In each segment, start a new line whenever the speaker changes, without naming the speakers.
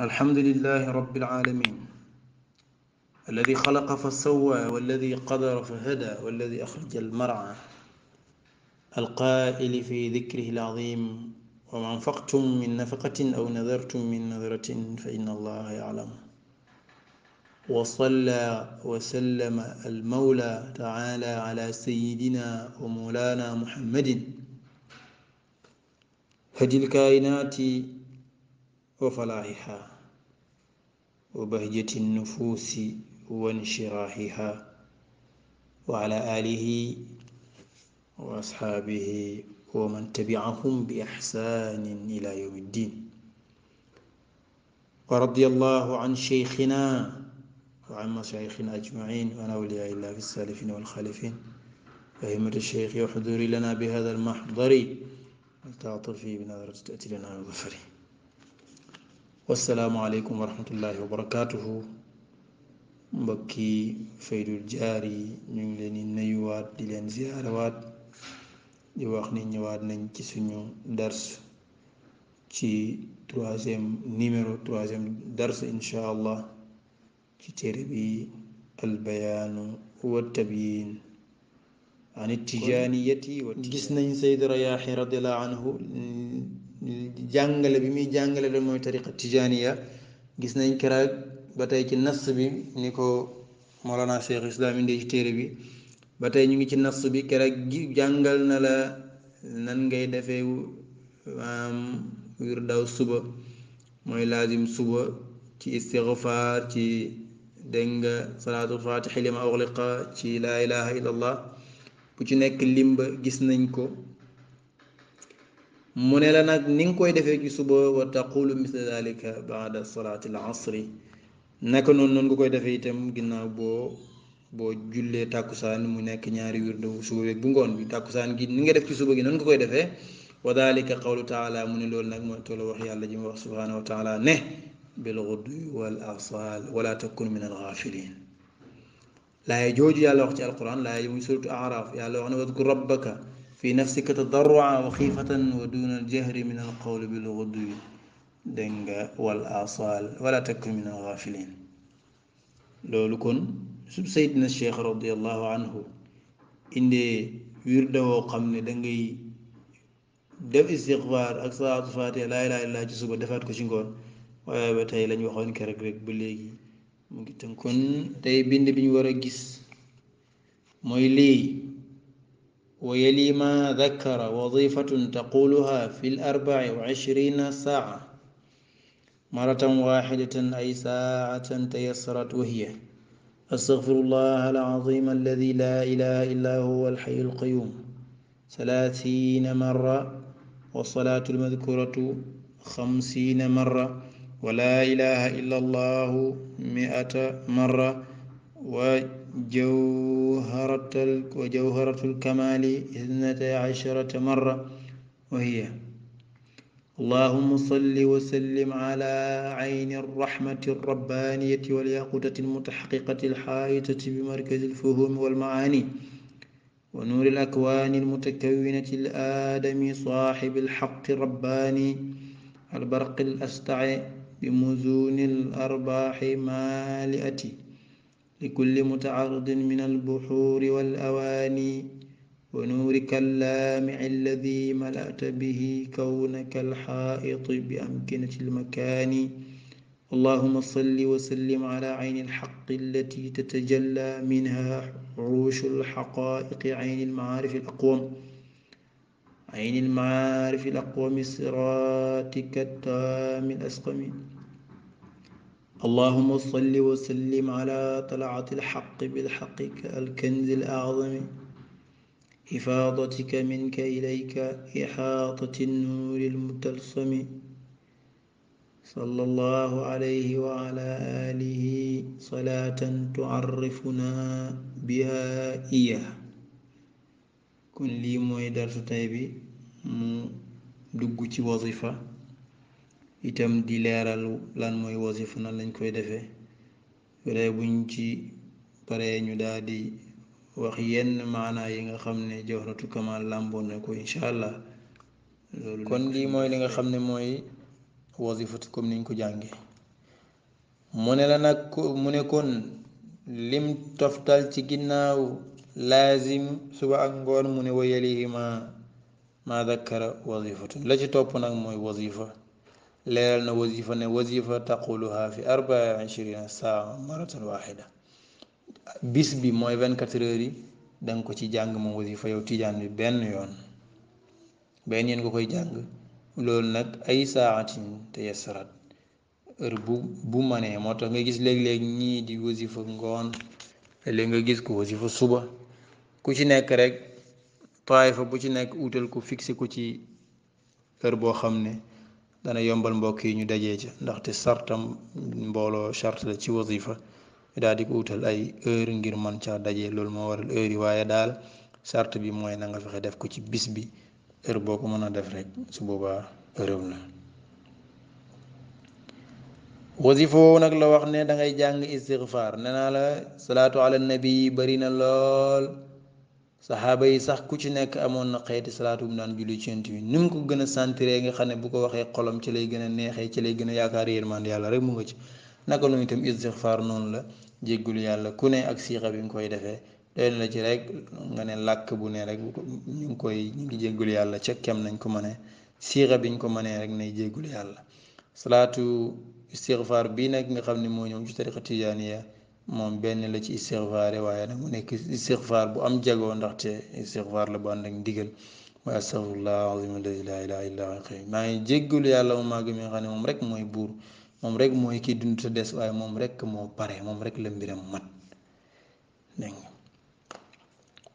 الحمد لله رب العالمين الذي خلق فسوى والذي قدر فهدى والذي أخرج المرعى القائل في ذكره العظيم وما أنفقتم من نفقة أو نذرتم من نذرة فإن الله يعلم وصلى وسلم المولى تعالى على سيدنا ومولانا محمد هدي الكائنات وفلاحها وبهجة النفوس وانشراحها وعلى آله وأصحابه ومن تبعهم بإحسان إلى يوم الدين ورضي الله عن شيخنا وعن مشايخنا أجمعين وعن أولياء الله في السالفين والخالفين فهمة الشيخ وحضوري لنا بهذا المحضر والتعاطفي بنظرة تأتي لنا ظفره wasalaamualeykum wa rahmatullahi wa barakaatuhu mbokki faydul jaar yi ñu ngi leen di nuyuwaat di leen ziyaarawaat di wax ni ñëwaat nañ ci suñu dars ci troisième numéro troisième dars incha allah ci téere bi albayaanu wa tabyin an tijaaniyati wa gis nañ sayd rayaaxi radiallahu anhu jàngale bi muy jàngale la mooy tariqa tijaniya gis nañ kiraag ba tey ci nas bi ni ko Mawlana Cheikh Islam indee ci téere bi ba tey ñu ngi ci nas bi kiraag gi jàngal na la nan ngay defee maanaam daw suba mooy laazim suba ci istighfar ci dégg nga salaatul fatixi lima uxliqa ci laa ilaha illa allah nekk limba gis nañ ko mu ne la nag ni nga koy defee ci suba wa taqulu misla dalika baada salaati al asri naka noonu noonu nga koy defee itam ginnaaw boo boo jullee tàkkusaan mu nekk ñaari wird bu suba beeg bu ngoon bi tàkkusaan gi ni nga def ci suba gi noonu nga koy defee wa dalika qawlu taala mu ne loolu nag mooy toola wax yàlla ji mu wax subhanahu wa taala ne bil gudwi wal asal wala takun min al ghafilin laaye jooju yàlla wax ci alquran laaye mu suratu araf yàlla wax ne wadkur rabbaka في نفسك تضرعا وخيفة ودون الجهر من القول بالغدو دنجا والآصال ولا تكن من الغافلين لولكن سب سيدنا الشيخ رضي الله عنه إني ويردو قمن دنجي دم استغفار أكثر عطفاتي لا إله إلا جسو بدفات كشنغون waye ba tay lañ waxoon kërëg rek ba léegi mu ngi ويلي ما ذكر وظيفة تقولها في الأربع وعشرين ساعة مرة واحدة أي ساعة تيسرت وهي أستغفر الله العظيم الذي لا إله إلا هو الحي القيوم ثلاثين مرة والصلاة المذكورة خمسين مرة ولا إله إلا الله مئة مرة و جوهرة وجوهرة الكمال اثنتي عشرة مرة وهي اللهم صل وسلم على عين الرحمة الربانية والياقوتة المتحققة الحائطة بمركز الفهوم والمعاني ونور الأكوان المتكونة الآدمي صاحب الحق الرباني البرق الأستعي بمزون الأرباح مالئة لكل متعرض من البحور والأواني ونورك اللامع الذي ملأت به كونك الحائط بأمكنة المكان اللهم صل وسلم على عين الحق التي تتجلى منها عروش الحقائق عين المعارف الأقوم عين المعارف الأقوم صراطك التام الأسقم اللهم صل وسلم على طلعة الحق بالحق الكنز الأعظم إفاضتك منك إليك إحاطة النور المتلصم صلى الله عليه وعلى آله صلاة تعرفنا بها إياه كن لي موي درس تايبي دغ وظيفه itam di leeral lan mooy wasifa nan lañ koy defee yoree buñ ci paree ñu daal di wax yenn maanaa yi nga xam ne jawharatu kamal làmboon na ko incha allah kon lii mooy li nga xam ne mooy wasifatu comme niñ ko jànge mu ne la nag mu ne lim toftal ci ginnaaw laazim suba ak ngoon mu ne wa yalihima ma dakkara wasifatu la ci topp nag mooy wasifa leeral na wasifa ne wasifa taquluha fi arbaa ishirina saa maratan waxida bis bi mooy vingt quatre heures yi da ko ci jàng moom wasifa yow tijaan bi benn yoon benn yoon nga koy jàng loolu nag ay saatin te yasarat heure bu bu manee moo tax nga gis léeg-léeg ñii di wasifa ngoon léeg nga gis ko wasifa suba ku ci nekk rek taifa bu ci nekk utal ko fixé ko ci heure boo xam ne dana yombal mbokk yi ñu dajee ca ndaxte sartam mbooloo charte la ci wasifa daal di ko wutal ay heure ngir man ca dajee lool moo waral heure waaye daal charte bi mooy nanga fexe def ko ci bis bi heure boo ko mën a def rek su boobaa réew na wasifa woowu nag la wax ne da ngay jàng istigfaar nee naa la salaatu ala nabi bari na lool saxaaba yi sax ku ci nekk amoon na xeeti salaatu bu naan julli ci yonent bi nu mu ko gën a sentiree nga xam ne bu ko waxee xolam ci lay gën a neexee ci lay gën a yaakaar yërmande yàlla rek mu nga ci naka noonu itam istixfaar noonu la jéggulu yàlla ku ne ak siixa bi ñu koy defee doy la ci rek nga ne làkk bu ne rek ñu ngi koy ñu ngi jéggulu yàlla ca kem nañ ko mënee siixa ñu ko mënee rek nay jéggulu yàlla salaatu istixfaar bii nag nga xam ne moo ñoom ci tariqa moom benn la ci istixfaare waaye nag mu nekk istixfaar bu am jagoo ndaxte istixfaar la bu ànd ak ndigal wa astaghfirullah azim alladi la ilaha illa maa ngi jéggalu yàlla mu màgg mi nga xam ne moom rek mooy buur moom rek mooy kii dund te des waaye moom rek moo pare moom rek la mbiram mat dégg nga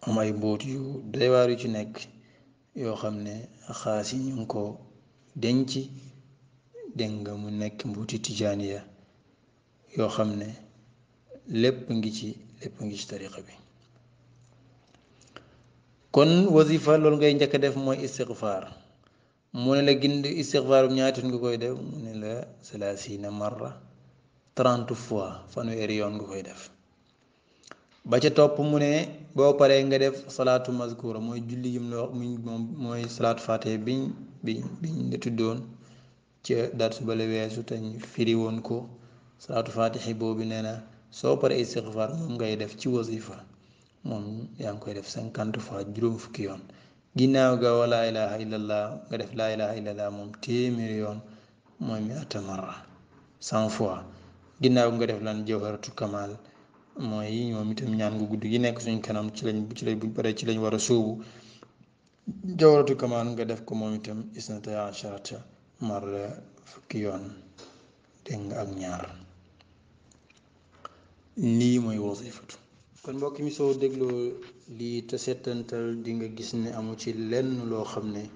am ay mbóot yu doy waar yu ci nekk yoo xam ne xaas yi ñu ngi ko denc dégg nga mu nekk mbuuti tijaaniya yoo xam ne lépp ngi ci lépp ngi ci tariqa bi kon wasifa loolu ngay njëkk def mooy istighfar mu ne la gind istighfar bu ñaata nga koy def mu ne la salaasina marra trente fois fanweeri yoon nga koy def ba ca topp mu ne boo paree nga def salaatu mazkura mooy julli yim la wax moom mooy salaatu faatee biñ biñ biñ la tuddoon ca daat su bale weesu te firi ko salaatu faatihi bi nee na soo paree istixfaar moom ngay def ci wasifa moom yaa ngi koy def cinquante fois juróom fukki yoon ginnaaw ga wa laa ilaha illallah nga def la ilaha illallah moom téeméeri yoon mooy mi atamarra cent fois ginnaaw nga def lan jawharatu kamal mooy moom itam ñaan gu gudd gi nekk suñ kanam ci lañ ci lañ buñ paree ci lañ war a suubu jawharatu kamal nga def ko moom itam isnata acharata marra fukki yoon dégg nga ak ñaar lii mooy wasifatu kon mbokk mi soo dégloo lii te seetantal di nga gis ne amu ci lenn loo xam ne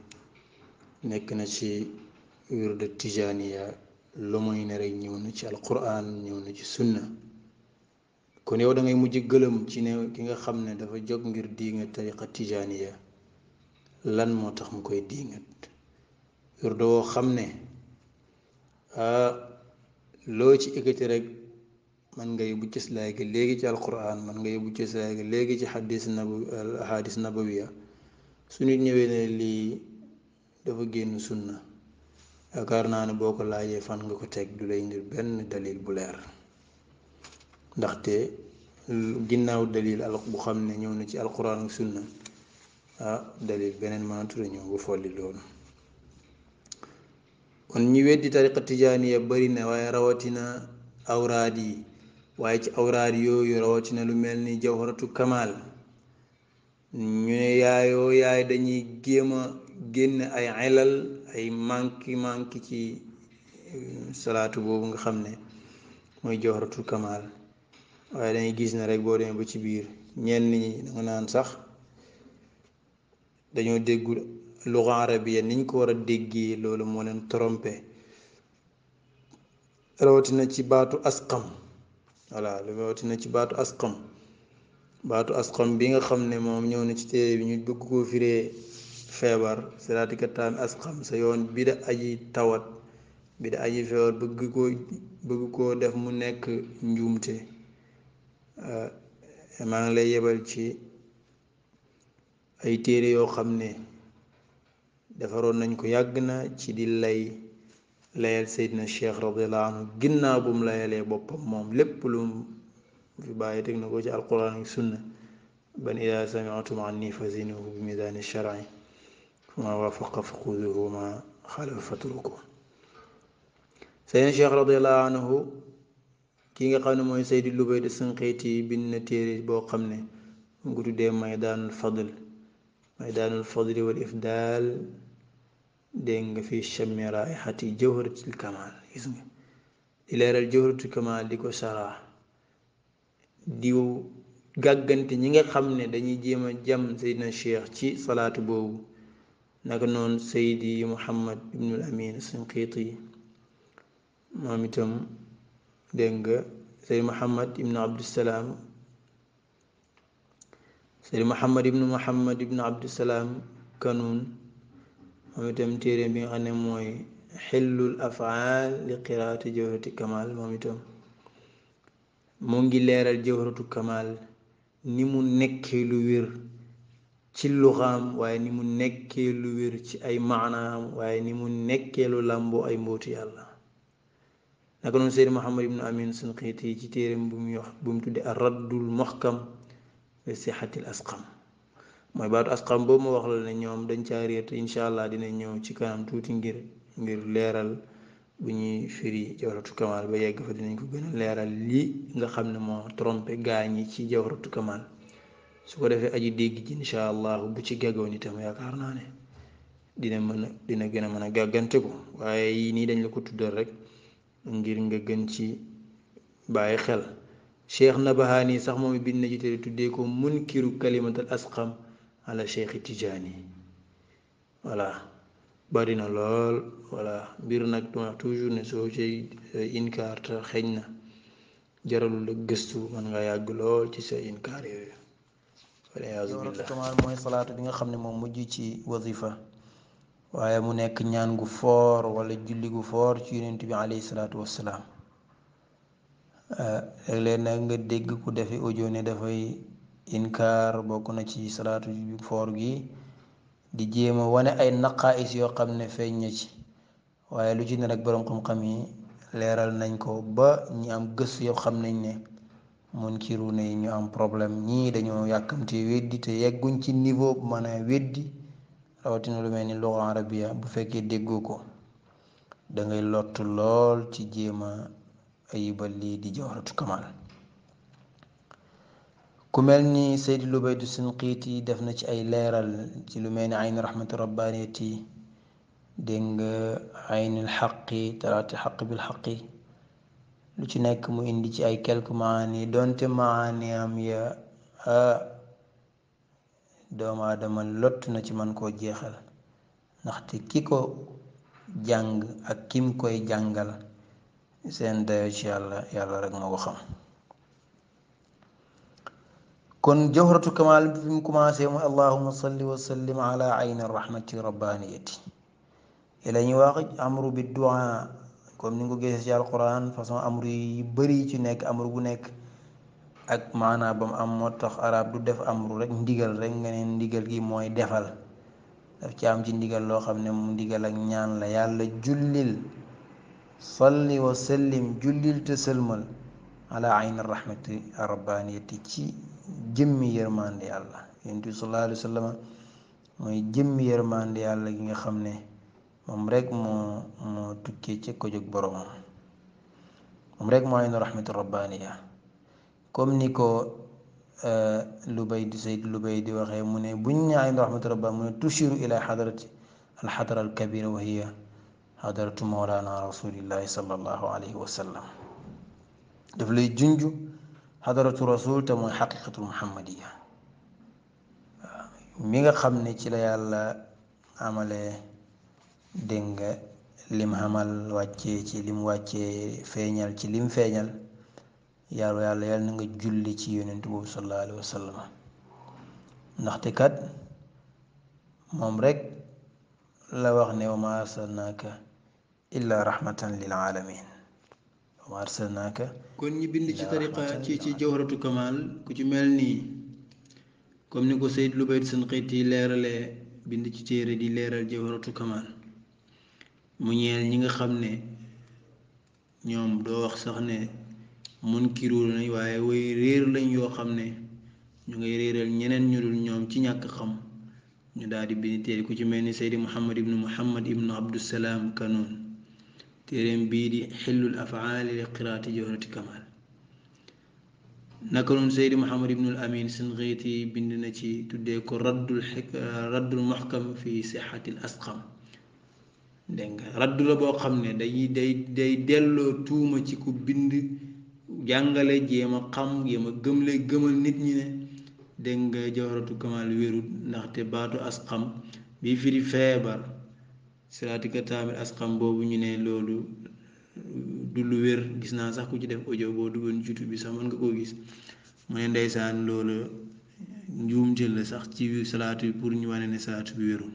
nekk na ci wird tijaaniya lu ne rek ñëw na ci alquran ñëw na ci sunna kon yow dangay mujj gëlëm ci ne ki nga xam ne dafa jóg ngir diinga tariqa tijaaniya lan moo tax mu koy diingat wird woo xam ne ah, loo ci ekkati rek man nga yóbbu cëslaay gi léegi ci alquran man nga yóbbu cëslaay gi léegi ci xadis nab xadis nabawiya su nit ñëwee ne lii dafa génn sunna yaakaar naa ne boo ko laajee fan nga ko teg du lay indil benn dalil bu leer ndaxte ginnaaw dalil al bu xam ne ñëw na ci alquran ak sunna ah dalil beneen mënatura ñëw bu folli loolu kon ñi weddi tariqa tijaaniya bari na waaye rawatina awraad yi waaye ci awraar yooyu rawatina lu mel ni jawaratu kamal ñu ne yaayoo yaay dañuy géem a génn ay xelal ay manki manki ci euh, salaatu boobu nga xam ne mooy jawharatul kamal waaye dañuy gis na rek boo demee ba ci biir ñenn ñi danga naan sax dañoo déggu luga arabiya niñ ko war a déggee loolu moo leen trompé rawatina ci baatu askam voilà lu wati na ci baatu asqam baatu asqam bi nga xam ne moom ñëw na ci téere bi ñu bëgg koo firee feebar siraatika taan asqam sa yoon bi da aji tawat bi da aji feebar bëgg koo bëgg koo def mu nekk njuumte euh, maa ngi lay yebal ci ay téere yoo xam ne defaroon nañ ko yàgg na ci di lay layal Seydina Cheikh radiyallahu anhu ginnaaw bu mu layalee boppam moom lépp lu mu fi bàyyi teg na ko ci alquran ak sunna ban ida samiatum anni fazinuhu bi mizaani shar'i fa ma wafaqa fa xuduhu wa ma xalafa fatruku Seydina Cheikh radiyallahu anhu ki nga xam ne mooy Seydi Lubay de Sanqiti bind na téere boo xam ne mu ngi tuddee Maydaanul Fadl Maydaanul Fadli wal Ifdaal dégg nga fi chamiraay xati jawharatul kamal gis nga di leeral jawharatul kamal di ko saraa di gàggante ñi nga xam ne dañuy jéem a jam seydina cheikh ci salaatu boobu naka noonu seydi muhammad ibnul amin sinqiiti moom itam dégg nga seydi muhammad ibnu muhammad ibnu muhammad ibnu kanuun moom itam téere bi nga xam ne mooy xillul afaal li qiraati jawharati kamal moom itam moo ngi leeral jawharatu kamal ni mu nekkee lu wér ci luxaam waaye ni mu nekkee lu wér ci ay maanaam waaye ni mu nekkee lu làmboo ay mbóotu yàlla naka noonu Seyd Muhammad ibnu Amin Sinqiiti ci téereem bu mu wax bu mu tuddee ar raddul muhkam fi sixatil asqam mooy baatu asqam boobu ma wax la ne ñoom dañ caa réet incha allah dina ñëw ci kanam tuuti ngir ngir leeral bu ñuy firi jawharatu kamal ba yegg fa dinañ ko gën a leeral lii nga xam ne moo trompé gaa ñi ci jawharatu kamal su ko defee aji dégg ji incha allah bu ci gàggoon itam yaakaar naa ne dina mën a dina gën a mën a gàggante ko waaye yii nii dañ la ko tuddal rek ngir nga gën ci bàyyi xel cheikh nabahaani sax moom bind na ci téere tuddee ko munkiru kalimatal asqam ala cheikh Tidiane voilà bari na lool voilà mbir nag duma toujours ne soo cay inkaar te xeeñ na jaralul la gëstu man nga yàgg lool ci sa inkaar yooyu mooy salaatu bi nga xam ne moom mujj ci wazifa waaye mu nekk ñaan gu foor wala julli gu foor ci yonent bi alayhi salaatu wassalaam léeg-léeg nag nga dégg ku defe audio ne dafay inkaar bokk na ci salaatu foor gi di jéema wane ay naqaais yoo xam ne feeñ na ci waaye lu ci ne nag boroom xam-xam yi leeral nañ ko ba ñi am gëstu yoo xam nañ ne munkiru ne ñu am problème ñii dañoo yàkkamte weddi te yegguñ ci niveau mën a weddi rawatina lu mel ni luxa arabia bu fekkee déggoo ko dangay lottu lool ci jéema ayibal lii di jawharatu kamal كملني سيد لبيد سنقيتي دفنك أي ليرة تلومين عين رحمة ربانيتي دينغ عين الحقي ترات الحق بالحقي لتنك مو عندك أي كلك معاني دونت معاني أم يا دوم آدم اللوت نتي من كو جيخل نختي كيكو جانغ أكيم كوي جانغل سين دايو شيالا يالا رغم وخم kon jawharatu kamal bi mu commencé mooy allahuma salli wa sallim ala ayni rahmati rabbaniyati la ñuy wax amru bi du'a comme ni nga ko gisee ci alquran façon amru yi bëri ci nekk amru bu nekk ak maanaa ba mu am moo tax arab du def amru rek ndigal rek nga ne ndigal gi mooy defal daf ci am ci ndigal loo xam ne mu ndigal ak ñaan la yàlla jullil salli wa sallim jullil te sëlmal ala ayni rahmati rabbaniyati ci jëmmi yërmande yàlla yonent bi sallallahu alayhi wa sallam mooy jëmmi yërmande yàlla gi nga xam ne moom rek moo moo tukkee ci ko jóg moom rek moo ay na rahmatu rabbaniya comme ni ko euh, Lubaydi Sayd Lubaydi waxee mu ne buñ ne ay na mu ne tushiru ila xadarati alxadara alkabira wa hiya xadaratu mawlana rasulillahi sallallahu alayhi wa sallam daf lay junju حضرة الرسول تم حقيقة المحمدية ميغا خمني تلا يالا عمل دنگ لم حمل واتي تي لم واتي فينال تي لم فينال يالو يالا يالا نغا جولي تي يوننتو صلى الله عليه وسلم نختي كات لا واخني وما ارسلناك الا رحمه للعالمين wa arsalnaaka kon ñi bind ci tariqa ci ci jawharatu kamal ku ci mel nii comme ni ko Sayyid Lubayt seen xeet yi leeralee bind ci téere di leeral jawharatu kamal mu ñi nga xam ne ñoom doo wax sax ne mun kiru nañ waaye way réer lañ yoo xam ne ñu ngay réeral ñeneen ñu dul ñoom ci ñàkk xam ñu daal di bind téere ku ci mel ni Seydi Muhammad ibnu Muhammad ibnu Abdusalaam Kanun téeréem bii di xillul afaali li qiraati jawharati kamal naka noonu seydi muhammad ibnul amin sinqiiti bind na ci tuddee ko raddul raddul muhkam fi sixatil asqam dégg nga la boo xam ne dañuy day day delloo tuuma ci ku bind jàngale jéem a xam jéem a gëmle gëmal nit ñi ne dégg nga jawharatu kamal wérut ndaxte baatu asqam bi firi feebar siraatika taamil asqam boobu ñu ne loolu euh, du wér gis naa sax ku ci def audio boo duggoon YouTube bi sax mën nga koo gis mu ne ndeysaan loolu njuum jël la sax ci salaatu bi pour ñu wane ne salaatu bi wérul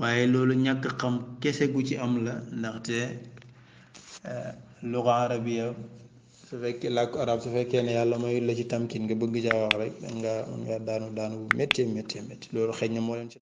waaye loolu ñàkk xam kese gu ci am la ndaxte euh, luga arabiya su fekkee làkku arab su fekkee ne yàlla mayul la ci tamkin nga bëgg caa wax rek nga daanu daanu bu métti métti loolu xëy na moo leen